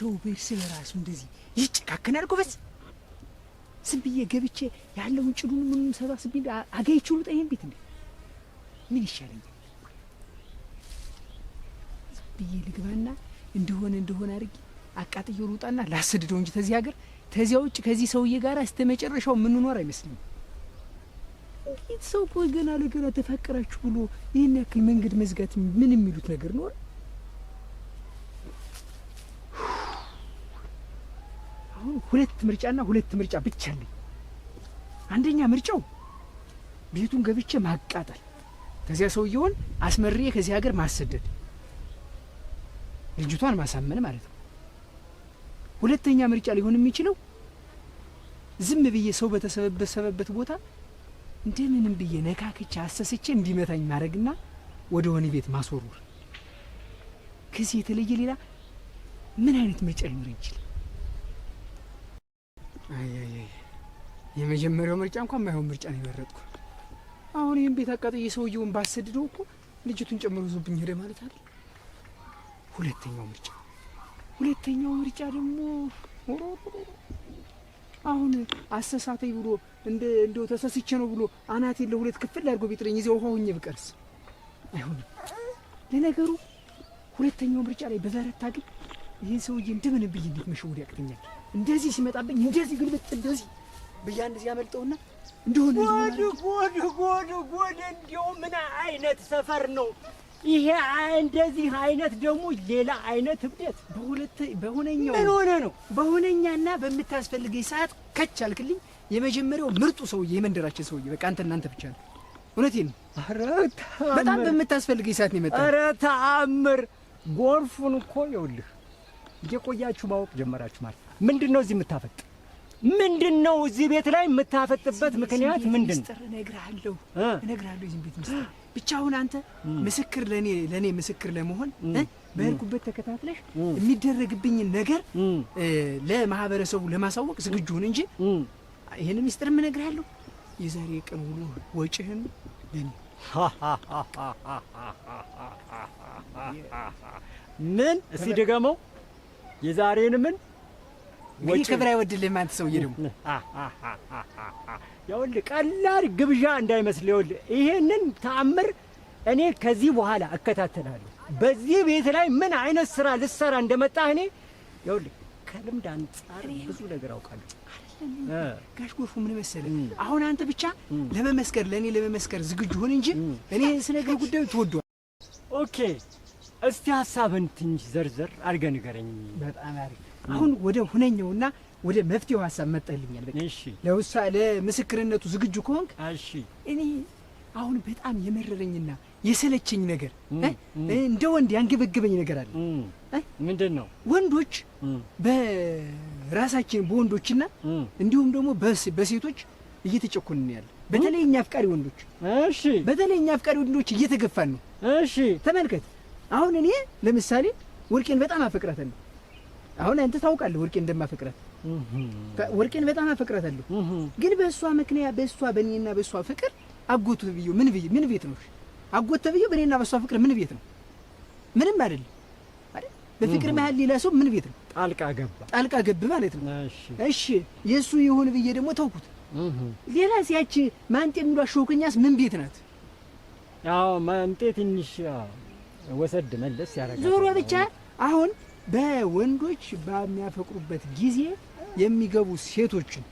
ሰው በእርስ በራሱ እንደዚህ ይጨካከናል። ጎበዝ ዝም ብዬ ገብቼ ያለውን ጭዱን ምንም ሰባስቤ አገይችሉ ጠይም ቤት እንዴ ምን ይሻለኛል? ዝም ብዬ ልግባና እንደሆነ እንደሆነ አድርጌ አቃጥዬ ልውጣና ላስድደው እንጂ ተዚህ ሀገር ተዚያ ውጭ ከዚህ ሰውዬ ጋር እስተ መጨረሻው የምንኖር አይመስልም። እንዴት ሰው ቆይ ገና ለገና ተፋቀራችሁ ብሎ ይህን ያክል መንገድ መዝጋት ምን የሚሉት ነገር ኖር ሁለት ምርጫና ሁለት ምርጫ ብቻ አለኝ። አንደኛ ምርጫው ቤቱን ገብቼ ማቃጠል፣ ከዚያ ሰውየውን አስመርዬ ከዚህ ሀገር ማሰደድ፣ ልጅቷን ማሳመን ማለት ነው። ሁለተኛ ምርጫ ሊሆን የሚችለው ዝም ብዬ ሰው በተሰበሰበበት ቦታ እንደምንም ብዬ ነካክቼ አሰስቼ እንዲመታኝ ማድረግና ወደ ወህኒ ቤት ማስወርወር። ከዚህ የተለየ ሌላ ምን አይነት ምርጫ ሊኖር ይችላል? የመጀመሪያው ምርጫ እንኳን ማይሆን ምርጫ ነው የመረጥኩ። አሁን ይህን ቤት አቃጥዬ ሰውየውን ባሰድደው እኮ ልጅቱን ጨምሮ ዞብኝ ሄደ ማለት አይደል? ሁለተኛው ምርጫ ሁለተኛው ምርጫ ደግሞ አሁን አሰሳተኝ ብሎ እንደው ተሰስቼ ነው ብሎ አናቴ ለሁለት ክፍል አድርጎ ቢጥለኝ እዚያ ውሃ ሁኜ ብቀርስ አይሆንም። ለነገሩ ሁለተኛው ምርጫ ላይ በበረታ ግን ይህን ሰውዬ እንደምንም ብዬ እንዴት መሸወድ ያቅተኛል። እንደዚህ ሲመጣብኝ እንደዚህ ግልብጥ እንደዚህ ብያ እንደዚህ ያመልጠውና እንደሆነ ጎድ ጎድ ጎድ ጎድ እንዲያው ምን አይነት ሰፈር ነው ይሄ? እንደዚህ አይነት ደግሞ ሌላ አይነት እብደት። በሁለት በሆነኛው ምን ሆነ ነው? በሆነኛና በምታስፈልገኝ ሰዓት ከች አልክልኝ። የመጀመሪያው ምርጡ ሰውዬ የመንደራችን ሰውዬ በቃ አንተ እናንተ ብቻ ነው። እውነቴን ነው። በጣም በምታስፈልገኝ ሰዓት ነው የመጣው። ኧረ ተአምር! ጎርፉን እኮ ይኸውልህ እየቆያችሁ ማወቅ ጀመራችሁ ማለት ምንድን ነው እዚህ የምታፈጥ? ምንድን ነው እዚህ ቤት ላይ የምታፈጥበት ምክንያት ምንድን ነው? እነግርሃለሁ እነግርሃለሁ የዚህን ቤት ምስጢር ብቻ አሁን አንተ ምስክር ለእኔ ለእኔ ምስክር ለመሆን በሄድኩበት ተከታትለሽ የሚደረግብኝን ነገር ለማህበረሰቡ ለማሳወቅ ዝግጁ ሁን እንጂ ይህን ምስጢርም እነግርሃለሁ የዛሬ ቀን ውሎ ወጪህም ለእኔ ምን እስቲ ደገመው የዛሬን ምን ይህ ክብር አይወድልህም አንተ ሰውዬ። ደግሞ ይኸውልህ ቀላል ግብዣ እንዳይመስል፣ ይኸውልህ ይሄንን ተአምር እኔ ከዚህ በኋላ እከታተላለሁ። በዚህ ቤት ላይ ምን አይነት ስራ ልሰራ እንደመጣህ እኔ ይኸውልህ ከልምድ አንጻር ብዙ ነገር አውቃለሁ። ጋሽ ጎርፉ ምን መሰለህ፣ አሁን አንተ ብቻ ለመመስከር ለእኔ ለመመስከር ዝግጁ ሁን እንጂ እኔ ስነግርህ ጉዳዩ ትወዷል። ኦኬ፣ እስቲ ሀሳብን ትንሽ ዘርዘር አድርገህ ንገረኝ። በጣም አሪፍ አሁን ወደ ሁነኛውና ወደ መፍትሄው ሀሳብ መጠልኛል። ለውሳ ለምስክርነቱ ዝግጁ ከሆንክ እኔ አሁን በጣም የመረረኝና የሰለቸኝ ነገር እንደ ወንድ ያንገበገበኝ ነገር አለ። ምንድን ነው? ወንዶች በራሳችን በወንዶችና እንዲሁም ደግሞ በሴቶች እየተጨኮንን ያለ በተለይ እኛ አፍቃሪ ወንዶች፣ እሺ፣ በተለይ እኛ አፍቃሪ ወንዶች እየተገፋን ነው። እሺ፣ ተመልከት። አሁን እኔ ለምሳሌ ወርቄን በጣም አፈቅራታለሁ። አሁን አንተ ታውቃለህ ወርቄ እንደማፈቅረት ወርቄን በጣም አፈቅራታለሁ። ግን በእሷ ምክንያት በእሷ በእኔና በእሷ ፍቅር አጎቱ ብዬ ምን ብዬ ምን ቤት ነው አጎቱ ብዬ በእኔና በእሷ ፍቅር ምን ቤት ነው? ምንም አይደለም አይደል? በፍቅር መሀል ሌላ ሰው ምን ቤት ነው? ጣልቃ ገባ ጣልቃ ገብ ማለት ነው። እሺ የእሱ ይሁን ብዬ ደግሞ ተውኩት። ሌላ ሲያች ማንጤ የሚሏ ሾክኛስ ምን ቤት ናት? አዎ ማንጤ ትንሽ ወሰድ መለስ ያደርጋል። ዞሮ ብቻ አሁን በወንዶች በሚያፈቅሩበት ጊዜ የሚገቡ ሴቶችን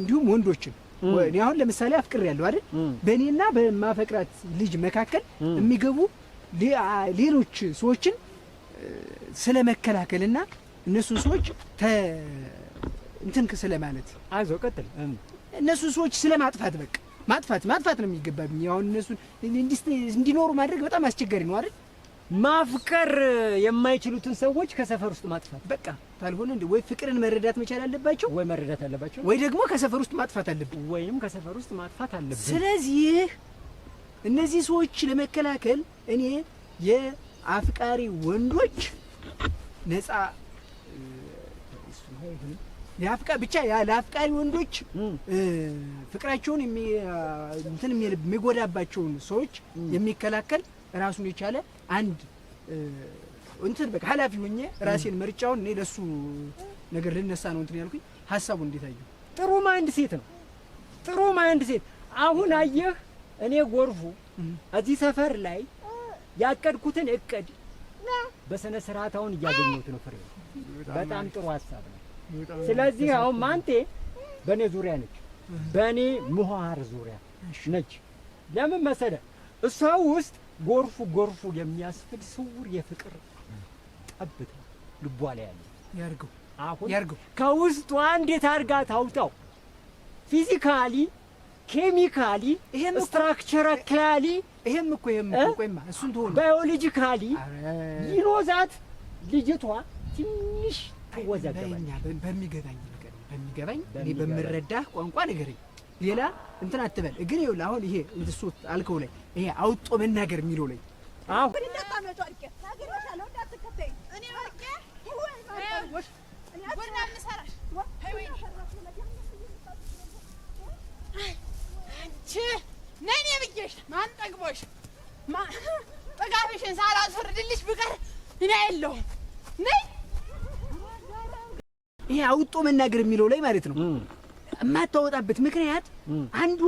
እንዲሁም ወንዶችን እኔ አሁን ለምሳሌ አፍቅር ያለው አይደል፣ በእኔና በማፈቅራት ልጅ መካከል የሚገቡ ሌሎች ሰዎችን ስለ መከላከልና እነሱን ሰዎች እንትን ስለ ማለት አይዞ ቀጥል፣ እነሱን ሰዎች ስለ ማጥፋት በቃ ማጥፋት ማጥፋት ነው የሚገባብኝ። አሁን እነሱን እንዲኖሩ ማድረግ በጣም አስቸጋሪ ነው አይደል? ማፍቀር የማይችሉትን ሰዎች ከሰፈር ውስጥ ማጥፋት በቃ ካልሆነ እንደ ወይ ፍቅርን መረዳት መቻል አለባቸው ወይ መረዳት አለባቸው ወይ ደግሞ ከሰፈር ውስጥ ማጥፋት አለብን ወይም ከሰፈር ውስጥ ማጥፋት አለብን። ስለዚህ እነዚህ ሰዎች ለመከላከል እኔ የአፍቃሪ ወንዶች ነፃ የአፍቃ ብቻ ለአፍቃሪ ወንዶች ፍቅራቸውን እንትን የሚጎዳባቸውን ሰዎች የሚከላከል ራሱን የቻለ አንድ እንትን በቃ ኃላፊ ሆኜ ራሴን መርጫውን እኔ ለሱ ነገር ልነሳ ነው እንትን ያልኩኝ። ሀሳቡ እንዴት አየሁ? ጥሩ ማይንድ ሴት ነው። ጥሩ ማይንድ ሴት አሁን አየህ፣ እኔ ጎርፉ እዚህ ሰፈር ላይ ያቀድኩትን እቅድ በስነ ስርዓት እያገኘሁት ነው። ፍሬ በጣም ጥሩ ሀሳብ ነው። ስለዚህ አሁን ማንቴ በእኔ ዙሪያ ነች፣ በእኔ ምህዋር ዙሪያ ነች። ለምን መሰለ እሷ ውስጥ ጎርፉ ጎርፉ የሚያስፍል ስውር የፍቅር ጠብታ ልቧ ላይ ያለ ያርገው አሁን ያርገው ከውስጡ እንዴት አድርጋ ታውጣው? ፊዚካሊ ኬሚካሊ ይሄም ስትራክቸራሊ ይሄም እኮ ይሄም እኮ ቆይማ እሱን ተሆነ ባዮሎጂካሊ ይኖዛት ልጅቷ ትንሽ ትወዛገባል። በሚገባኝ ነገር በሚገባኝ እኔ በምረዳህ ቋንቋ ንገረኝ ሌላ እንትን አትበል። ግን ይኸውልህ አሁን ይሄ እንድሱ አልከው ላይ ይሄ አውጦ መናገር የሚለው ላይ አዎ ብዬሽ ማን ጠግቦሽ ጥጋብሽን ብቀር እኔ የለሁም። ነይ ይሄ አውጦ መናገር የሚለው ላይ ማለት ነው። የማታወጣበት ምክንያት አንዱ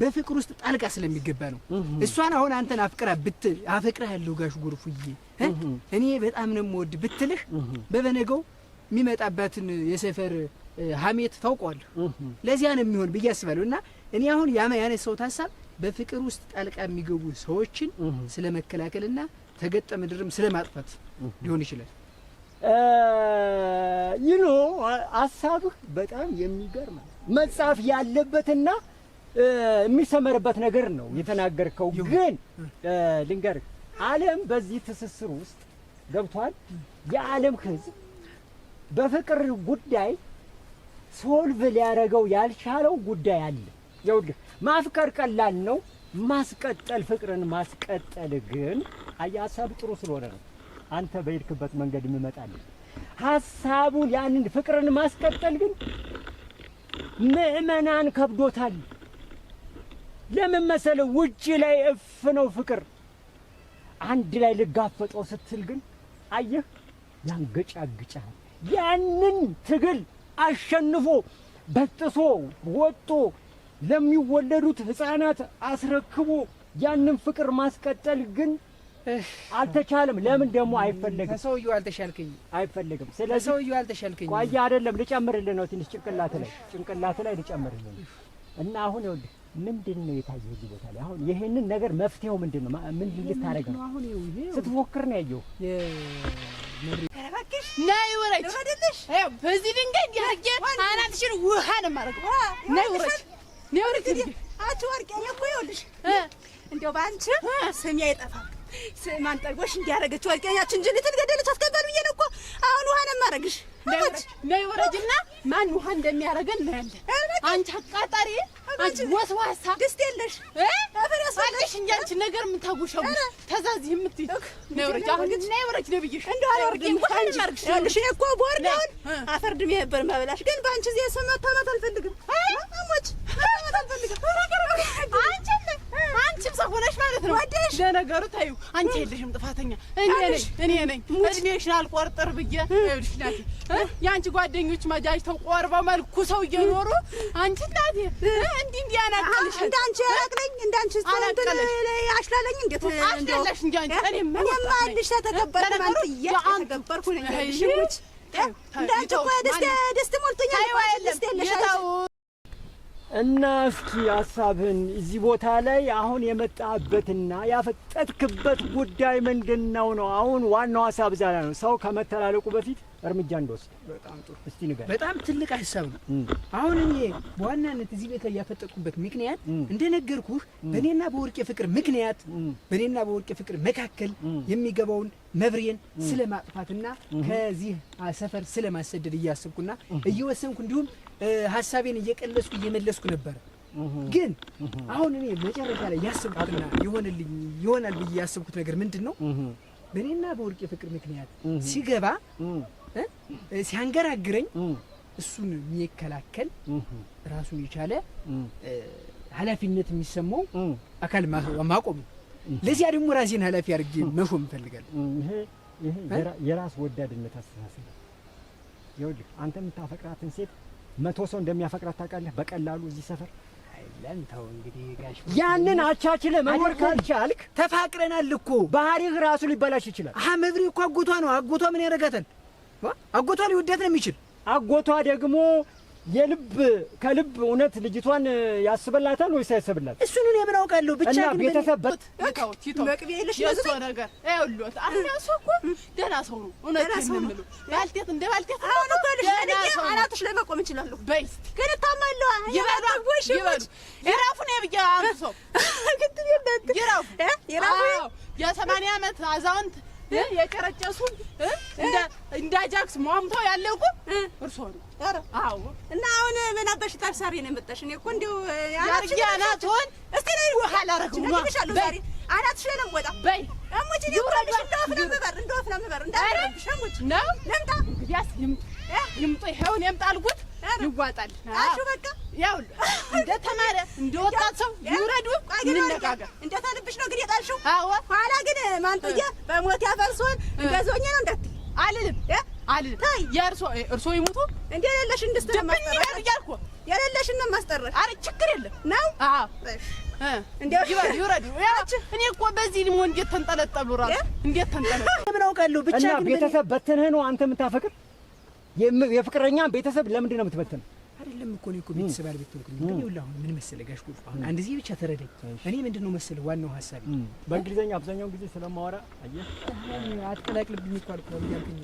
በፍቅር ውስጥ ጣልቃ ስለሚገባ ነው። እሷን አሁን አንተን አፍቅራ ብት አፈቅራ ያለው ጋሽ ጎርፉዬ እኔ በጣም ነው የምወድ ብትልህ በበነገው የሚመጣባትን የሰፈር ሀሜት ታውቀዋለሁ። ለዚያ ነው የሚሆን ብዬ አስባለሁ። እና እኔ አሁን ያማ ሰው ታሳብ በፍቅር ውስጥ ጣልቃ የሚገቡ ሰዎችን ስለ መከላከልና ተገጠ ምድርም ስለ ማጥፋት ሊሆን ይችላል። ይኖ ሀሳብህ በጣም የሚገርም መጻፍ ያለበትና የሚሰመርበት ነገር ነው የተናገርከው። ግን ልንገር፣ ዓለም በዚህ ትስስር ውስጥ ገብቷል። የዓለም ሕዝብ በፍቅር ጉዳይ ሶልቭ ሊያደርገው ያልቻለው ጉዳይ አለ። ይኸውልህ ማፍቀር ቀላል ነው፣ ማስቀጠል ፍቅርን ማስቀጠል ግን አየህ፣ ሀሳብ ጥሩ ስለሆነ ነው አንተ በሄድክበት መንገድ የምመጣልህ ሀሳቡን ያንን ፍቅርን ማስቀጠል ግን ምእመናን ከብዶታል። ለምን መሰለ ውጪ ላይ እፍ ነው ፍቅር፣ አንድ ላይ ልጋፈጠው ስትል ግን አየህ ያንገጫግጫል። ያንን ትግል አሸንፎ በጥሶ ወጦ ለሚወለዱት ሕፃናት አስረክቦ ያንን ፍቅር ማስቀጠል ግን አልተቻለም። ለምን ደግሞ አይፈለግም? ሰውዬው አልተሻልከኝ አይፈለግም። ስለዚህ ሰውዬው አልተሻልከኝ። ቆይ አይደለም ልጨምርልህ ነው ትንሽ ጭንቅላት ላይ ጭንቅላት ላይ ልጨምርልህ ነው እና አሁን ይኸውልህ ምንድን ነው የታየው? እዚህ ቦታ ላይ? አሁን ይሄንን ነገር መፍትሄው ምንድን ነው? ምን ልታደርግ ነው? አሁን ስትፎክር ነው ያየሁ። ናይ ወረጅ በዚህ ድንጋይ እንዲህ አድርጌ አናትሽን ውሃ ነው የማደርገው። ናይ ወረጅ ናይ ወረጅ። አንቺ ወርቄ እኔ እኮ ይኸውልሽ እንዲያው በአንቺ ስሜ አይጠፋም ማን ጠግቦሽ እንዲያደርገችው አልቀኛች እንጂ ልትገደለች አስገባል ብዬሽ ነው እኮ አሁን ውሃ ነው የማደርግሽ። ነው ወረጅና ማን ውሃ ነው ያለ። አንቺ አቃጣሪ፣ አንቺ ወስዋሳ ድስት የለሽ አለሽ እንጂ አንቺ ነገር የምታጉሸው ተዛዚህ የምትይ ነው ወረጅ፣ አሁን ነው ወረጅ ነው ብዬሽ እንደው አልወርድም። ውሃ ነው የማደርግሽ ያለሽ እኔ እኮ ቦርድ አሁን አፈር ድሜ ነበር የማበላሽ፣ ግን በአንቺ እዚህ ሰው መታመት አልፈልግም። አሞች መታመት አልፈልግም አንቺ አንቺም ሰው ሆነሽ ማለት ነው። ወደሽ ለነገሩ ታዩ አንቺ የለሽም ጥፋተኛ እኔ ነኝ እኔ ነኝ። እድሜሽን አልቆርጥር ብዬ ይኸውልሽ፣ ናቴ የአንቺ ጓደኞች መጃጅተው ቆርበው መልኩ ሰው እየኖሩ አንቺ ናቴ እንዲህ እንዲህ ያናቀልሽ እንዳንቺ ያላቅለኝ እንዳንቺ እንትን አሽላለኝ እንዴት አሽላለሽ እንጂ አንቺ እኔም እኔማ ያልሽ ተተገበርኩ ማለት እየተገበርኩ ነኝ። እሺ እንዳንቺ እኮ ደስ ደስ እና እስኪ ሀሳብህን እዚህ ቦታ ላይ አሁን የመጣህበትና ያፈጠጥክበት ጉዳይ ምንድን ነው ነው? አሁን ዋናው ሀሳብ እዛ ላይ ነው። ሰው ከመተላለቁ በፊት እርምጃ እንደወስድ። በጣም ጥሩ። እስቲ ንገረኝ። በጣም ትልቅ ሀሳብ ነው። አሁን እኔ በዋናነት እዚህ ቤት ላይ ያፈጠጥኩበት ምክንያት እንደነገርኩህ በእኔና በወርቄ ፍቅር ምክንያት በእኔና በወርቄ ፍቅር መካከል የሚገባውን መብሬን ስለማጥፋትና ከዚህ ሰፈር ስለማሰደድ እያስብኩና እየወሰንኩ እንዲሁም ሀሳቤን እየቀለስኩ እየመለስኩ ነበረ። ግን አሁን እኔ መጨረሻ ላይ ያስብኩትና ይሆንልኝ ይሆናል ብዬ ያስብኩት ነገር ምንድን ነው? በእኔና በወርቅ የፍቅር ምክንያት ሲገባ ሲያንገራግረኝ እሱን የሚከላከል ራሱን የቻለ ኃላፊነት የሚሰማው አካል ማቆም ለዚያ ደግሞ ራሴን ኃላፊ አድርጌ መሾም እፈልጋለሁ። ይሄ የራስ ወዳድነት አስተሳሰብ። ይኸውልህ አንተ የምታፈቅራትን ሴት መቶ ሰው እንደሚያፈቅራት ታውቃለህ? በቀላሉ እዚህ ሰፈር ለንተው እንግዲህ ጋሽ ያንን አቻችለ መኖር ካልቻልክ ተፋቅረናል እኮ ባህሪህ ራሱ ሊበላሽ ይችላል። አመድሪ እኮ አጎቷ ነው። አጎቷ ምን ያደርጋታል? አጎቷ ሊወዳት ነው የሚችል አጎቷ ደግሞ የልብ ከልብ እውነት ልጅቷን ያስበላታል ወይስ ያስብላት? እሱን እኔ ምን አውቃለሁ። ብቻ ግን ቤተሰብ በት መቅቤ ልሽ ነው ነገር አይውሉት አናሱ እኮ ደህና ሰው ነው። እውነት የምንምሉ ባልቴት እንደ ባልቴት አሁን እኮ ልጅ አራቶች ላይ መቆም እንችላለሁ። በይስቲ ግን ታማለዋ ይበሉ ይበሉ ይራፉ ነው ብያ አንሶ ግን ይራፉ ይራፉ የራፉ 80 ዓመት አዛውንት የጨረጨሱን እንደ አጃክስ ሟምተው ያለቁ እርሶ ነው። አዎ። እና አሁን ምን አባሽ ታሳሪ ነው የመጣሽ? እኔ እኮ እንደው ያርጊ እስቲ ነው ውሃ ላረግሽ ነው ዛሬ አናትሽ ነው ወጣ በይ እሙች ነው ብራሽ ምበር እንደወፍ ምበር እንዳረግሽ እሙች ነው ለምታ ያስ ይምጡ ይምጡ ይሄውን ያምጣልኩት ይዋጣል። አሹ በቃ ያው እንደ ተማረ እንደ ወጣት ሰው ይውረዱ እንነጋገር። እንደ ተንብሽ ነው ግን የጣልሽው። አዎ ኋላ ግን ማንጥዬ በሞት ያፈርሶን እንደዞኛ ነው እንዳትል አልልም አልልም። ታይ የእርሶ እርሶ ይሙቱ እንዴ የሌለሽ እንድስት ነው ማስጠረቅ እያልኩ የሌለሽ ነው አረ ችግር የለም ነው። አዎ ይውረዱ። እኔ እኮ በዚህ ሊሞ እንዴት ተንጠለጠሉ እንዴት ተንጠለጠሉ። ብቻ። ቤተሰብ በትንህ ነው አንተ የምታፈቅር የፍቅረኛ ቤተሰብ ለምንድን ነው አይደለም እኮ ነው እኮ ቤተሰብ አልቤት ሆንኩኝ። ግን ይኸውልህ አሁን ምን መሰለህ ጋሽ ቁልፍ አሁን አንድ ጊዜ ብቻ ተረዳኝ። እኔ ምንድን ነው መሰለህ ዋናው ሀሳቤ በእንግሊዘኛ አብዛኛውን ጊዜ ስለማወራ አየህ አትቀላቅልብኝ እኮ አልኩህ ያልኩኝ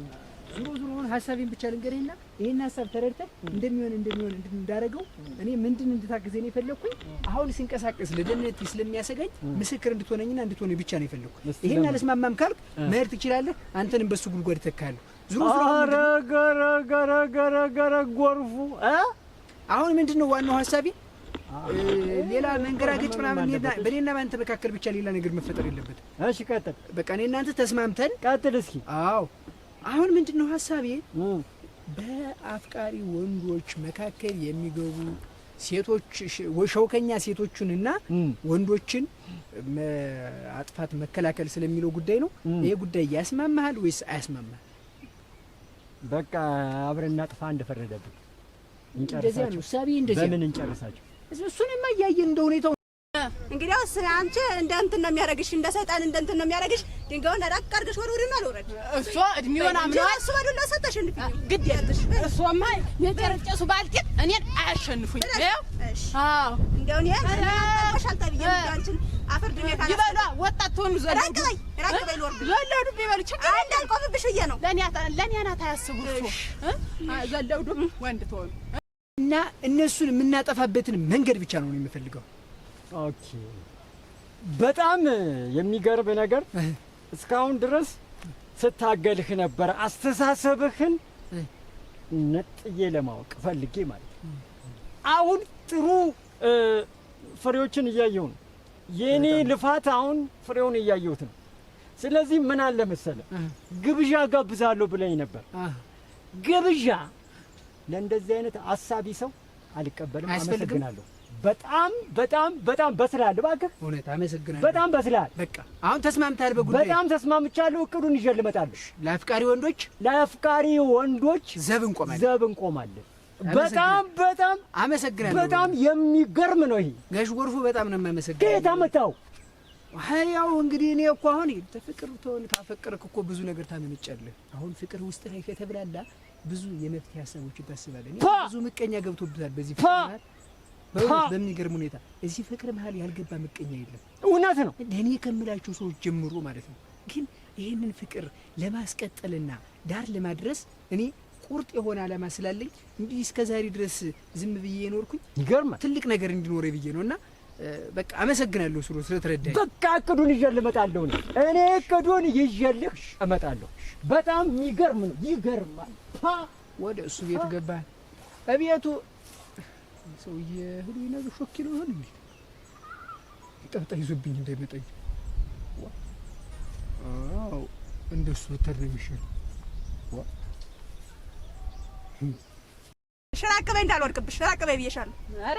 ዙሮ ዙሮ አሁን ሀሳቤን ብቻ ልንገርህና ይሄን ሀሳብ ተረድተህ እንደሚሆን እንደሚሆን እንዳደረገው እኔ ምንድን እንድታግዘኝ ነው የፈለግኩኝ። አሁን ሲንቀሳቀስ ለደህንነት ስለሚያሰጋኝ ምስክር እንድትሆነኝና እንድትሆነኝ ብቻ ነው የፈለግኩ። ይሄን አልስማማም ካልክ መሄድ ትችላለህ። አንተንም በሱ ጉድጓድ ተካለሁ። ዙሮ ዙሮ ረገ ረገ ረገ ረገ ጎርፉ እ አሁን ምንድን ነው ዋናው ሀሳቢ ሌላ መንገራገጭ ምናምን በእኔና በአንተ መካከል ብቻ ሌላ ነገር መፈጠር የለበትም። እሺ ቀጥል። በቃ እኔ እናንተ ተስማምተን ቀጥል። እስኪ አዎ፣ አሁን ምንድን ነው ሀሳቤ በአፍቃሪ ወንዶች መካከል የሚገቡ ሴቶች ሸውከኛ ሴቶቹንና ወንዶችን አጥፋት መከላከል ስለሚለው ጉዳይ ነው። ይሄ ጉዳይ ያስማማሃል ወይስ አያስማማል? በቃ አብረን እናጥፋ እንደፈረደብን እንጨርሳቸው። በምን እንጨርሳቸው? እሱንማ እያየን እንደ ሁኔታው እንግዲያውስ አንቺ እንደ እንትን ነው የሚያደርግሽ፣ እንደ ሰይጣን እንደ እንትን ነው የሚያደርግሽ። ድንጋዩን ራቅ አድርገሽ ወደ ወዲህ አልወረድሽ። እሷ እድሜውን አምነዋ እሱ ወደ ሁላ ሰጠሽ። ግድ ያለሽ እሷማ የጨረጨሱ ባልቴት እኔን አያሸንፉኝ። አዎ እንደው እኔ ሻልታ ብዬ አንቺን አፈር ድሜ ይበሏ። ወጣት ትሆኑ ዘ ራቅ በይ ራቅ በይ ልወርድ ዘለዱ ቢበሉ ችግር እንዳልቆምብሽ ብዬ ነው። ለእኔ አናት አያስቡ ዘለዱ ወንድ ትሆኑ እና እነሱን የምናጠፋበትን መንገድ ብቻ ነው የምፈልገው። ኦኬ። በጣም የሚገርም ነገር እስካሁን ድረስ ስታገልህ ነበር። አስተሳሰብህን ነጥዬ ለማወቅ ፈልጌ ማለት ነው። አሁን ጥሩ ፍሬዎችን እያየሁ ነው። የእኔ ልፋት አሁን ፍሬውን እያየሁት ነው። ስለዚህ ምን አለ መሰለ፣ ግብዣ ጋብዛለሁ ብለኝ ነበር ግብዣ ለእንደዚህ አይነት አሳቢ ሰው አልቀበልም። አመሰግናለሁ። በጣም በጣም በጣም በስልሃል፣ እባክህ እውነት አመሰግናለሁ። በጣም በስልሃል። በቃ አሁን ተስማምተሃል በጉዳይ? በጣም ተስማምቻለሁ። እቅዱን ይዤ ልመጣለሁ። ለአፍቃሪ ወንዶች ለአፍቃሪ ወንዶች ዘብ እንቆማለን፣ ዘብ እንቆማለን። በጣም በጣም አመሰግናለሁ። በጣም የሚገርም ነው ይሄ ጋሽ ጎርፉ። በጣም ነው የማመሰግናለሁ። ከየት አመጣው? ያው እንግዲህ እኔ እኮ አሁን ፍቅር ተሆን ካፈቀርክ እኮ ብዙ ነገር ታመነጫለህ። አሁን ፍቅር ውስጥ ላይ ከተብላላ ብዙ የመፍትሄ ሀሳቦች ታስባለ። ብዙ ምቀኛ ገብቶብታል በዚህ በእውነት በሚገርም ሁኔታ እዚህ ፍቅር መሀል ያልገባ ምቀኛ የለም። እውነት ነው። ለእኔ ከምላቸው ሰዎች ጀምሮ ማለት ነው። ግን ይህንን ፍቅር ለማስቀጠልና ዳር ለማድረስ እኔ ቁርጥ የሆነ ዓላማ ስላለኝ እንዲህ እስከዛሬ ድረስ ዝም ብዬ የኖርኩኝ ይገርማል። ትልቅ ነገር እንዲኖረ ብዬ ነው እና በቃ አመሰግናለሁ ስሩ ስለተረዳኝ። በቃ እቅዱን ይዤልህ እመጣለሁ። እኔ እቅዱን ይዤልህ እመጣለሁ። በጣም የሚገርም ነው። ይገርማል። ወደ እሱ ቤት ገባል። እቤቱ ሰውዬ ሁሉ ነገ ሾክ ይለው ይሆን እንዴ? ጠብጣ ይዞብኝ እንዳይመጣኝ። አዎ እሱ ብትር ነው የሚሻለው። ሽራቅ በይ እንዳልወድቅብሽ፣ ሽራቅ ብዬሻለሁ። ኧረ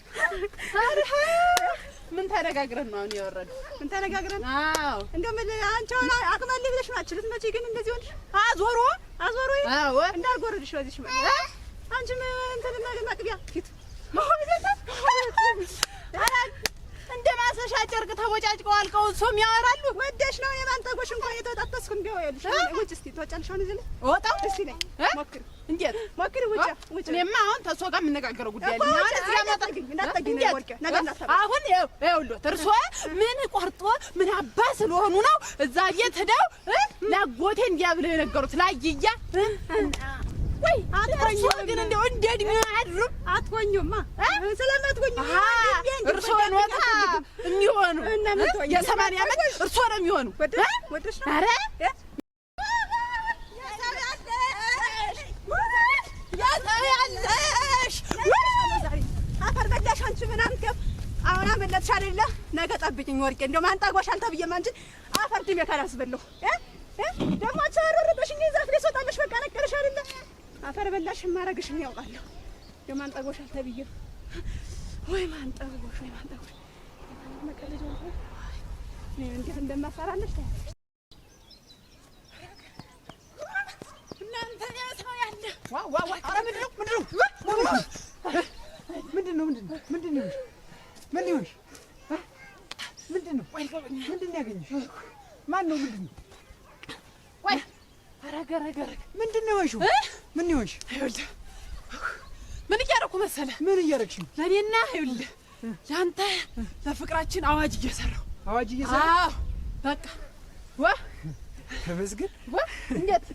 ምን ተነጋግረን ነው አሁን ያወረድን? ምን ተነጋግረን? አዎ እንደው አንቺ አሁን አቅማል ብለሽ ነው አትችልም። መቼ ግን እንደዚህ ሆንሽ? አዞሮ አዞሮ አዎ እንዳልጎረድሽ በዚህ ሽማ አንቺ ምን እንትን እናገር ማቅቢያ ፊት እንደ ማሰሻ ጨርቅ ተቦጫጭቀው አልቀው እሱም ያወራሉ። ወደሽ ነው የማን ተጎሽ እንኳን የተጣጠስኩ እንደው ይኸውልሽ፣ ውጭ እስኪ ትወጫለሽ። እዚህ ላይ ወጣሁ እስኪ ነይ ሞክሪ፣ እንዴት ሞክሪ፣ ውጭ ውጭ። እኔማ አሁን ተሷ ጋር የምነጋገረው ጉዳይ አሁን እዚህ ነው ወርቄ አሁን ይኸውልዎት፣ እርሶ ምን ቆርጦ ምን አባ ስለሆኑ ነው እዛ ቤት ሄደው ለጎቴ እንዲያ ብለው የነገሩት ይያ ወይ አትቆኝም። ግን እንደው እንደ እድሜው አያድርም። አትቆኝማ ስለማትቆኝ እርስዎ ጠብቂኝ ወርቄ። እንደው ማንጣጓሽ አልተብዬም አንቺን አፈር ድሜ ካላስበለሁ ደግሞ አንቺ አረረበሽኝ ዛፍ ላይ ስወጣለሽ በቃ ነገርሽ አይደለ? አፈር በላሽ ማረግሽ ነው ያውቃለሁ። የማንጠጎሽ አልተብዬ ወይ ማንጠጎሽ ወይ ማንጠጎሽ መቀለጃ ነው እንዴት እንደማፈራለሽ ታያለሽ። እናንተ ሰው ያለ ዋ ዋ ዋ አረ ምንድን ነው ምንድን ነው ምንድን ነው ምንድን ነው ምን ይሁን ምንድን ነው ምንድን ነው ያገኘሽ ማን ነው ምንድን ነው ወይ አረ አረገ አረገ ምንድን ነው እሺ ምን ይሆንሽ? ይኸውልህ ምን እያደረኩ መሰለ? ምን እያደረግሽ ነው? ለእኔና ይኸውልህ ለአንተ ለፍቅራችን አዋጅ እየሰራው አዋጅ እየሰራሁ አዎ፣ በቃ ወ ተመስገን ወ እንዴት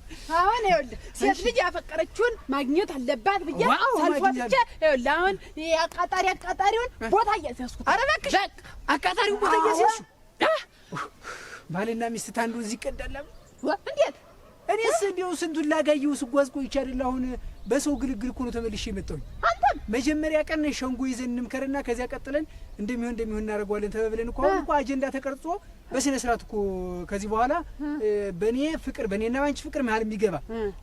አሁን ይኸውልህ ሴት ልጅ ያፈቀረችውን ማግኘት አለባት ብዬ ሰልፎትቼ ይኸውልህ አሁን አቃጣሪ አቃጣሪውን ቦታ እያስያዝኩት። ኧረ እባክሽ አቃጣሪውን ቦታ እያስያዝኩ ባልና ሚስት አንዱ እዚህ ይቀዳላሉ። እንዴት እኔስ እንዲያው ስንቱን ላጋየው ስጓዝ ቆይቻለሁ። አሁን በሰው ግልግል እኮ ነው ተመልሼ የመጣሁኝ። አንተም መጀመሪያ ቀን ሸንጎ ይዘን እንምከርና ከዚያ ቀጥለን እንደሚሆን እንደሚሆን እናደርገዋለን ተባብለን እኮ አሁን እኮ አጀንዳ ተቀርጾ በስነ ስርዓት እኮ ከዚህ በኋላ በእኔ ፍቅር በእኔና ባንቺ ፍቅር መሀል የሚገባ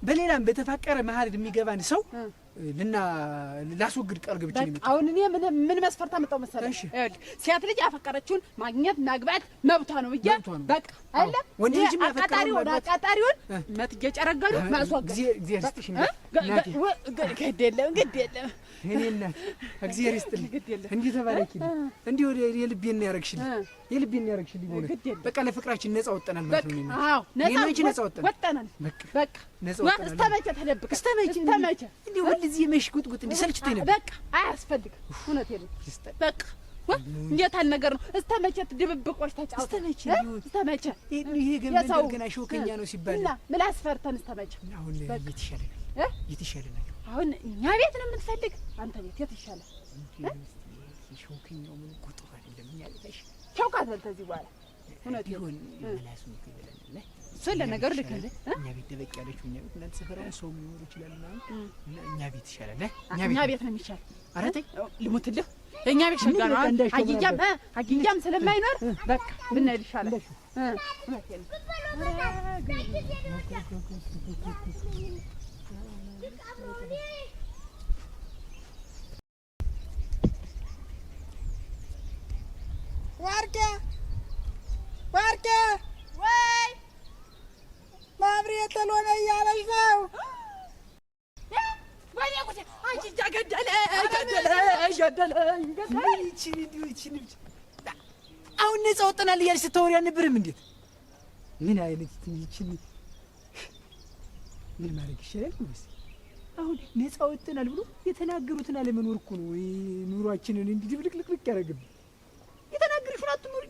በሌላም በተፋቀረ መሀል የሚገባን ሰው ልና ላስወግድ ቀርግ ብቻ ነው። አሁን እኔ ምን ምን መስፈርታ መጣው መሰለሽ? ሴት ልጅ ያፈቀረችውን ማግኘት ማግባት መብቷ ነው ብዬ በቃ ወንድ ልጅ ማፈቀረው አቃጣሪውን መትጌ ጨረገሉ ማስወግድ ጊዜ ጊዜ ግድ የለም ግድ የለም። እኔ እናት እግዚአብሔር ይስጥልኝ። እንዲህ ተባረኪልኝ። እንዲህ ወደ የልቤን ነው የልቤን ነው ያደረግሽልኝ። በቃ ለፍቅራችን ነፃ ወጠናል ማለት ነው። አዎ ነፃ ወጠናል። በቃ ነፃ ወጠናል። እስከ መቼ ተደብቀሽ? እስከ መቼ እስከ መቼ? እንዲህ ወደዚህ የመሽ ጉጥጉጥ እንዲህ ሰልችቶኝ ነበር። በቃ አያስፈልግም። እውነት የለም በቃ እንዴት አለ ነገር ነው። እስከ መቼ ድብብቆች ተጫውተው እስከ መቼ እስከ መቼ ይሄ ገና ሾከኛ ነው ሲባል እና ምን አስፈርተን እስከ መቼ አሁን ይሻለናል። የት ይሻለ አሁን እኛ ቤት ነው የምትፈልግ? አንተ ቤት የት ይሻላል? ሸውክኛው ምን ቁጥር አይደለም እኛ ቤት አይሻልም። ሸውካት ተዚህ በኋላ እውነት ይሁን ምላሱ እሱን ለነገሩ ልክ እኛ ቤት ደበቅ ያለችው እኛ ቤት እናንተ ሰፈር ሰው ሊኖር ይችላል እና እኛ ቤት ይሻላል። እኛ ቤት ነው የሚሻል። ኧረ ተይ ልሙትልህ። እኛ ቤት ሸጋ ነው። አግያም አግያም ስለማይኖር በቃ ብንሄድ ይሻላል። እውነቴን ነው Warga! Warga! Woi! Mavriyete lona yalajlav! አሁን ነጻ ወጥናል እያለች ስታወሪ አልነበረም? እንዴት ምን አይነት ይችን ምን ማድረግ ይሻላል? አሁን ነፃ ወጥተናል ብሎ የተናገሩትን አለመኖር እኮ ነው ኑሯችንን እንዲህ ድብልቅልቅልቅ ያደረግብን። የተናገርሽውን አትኖሪ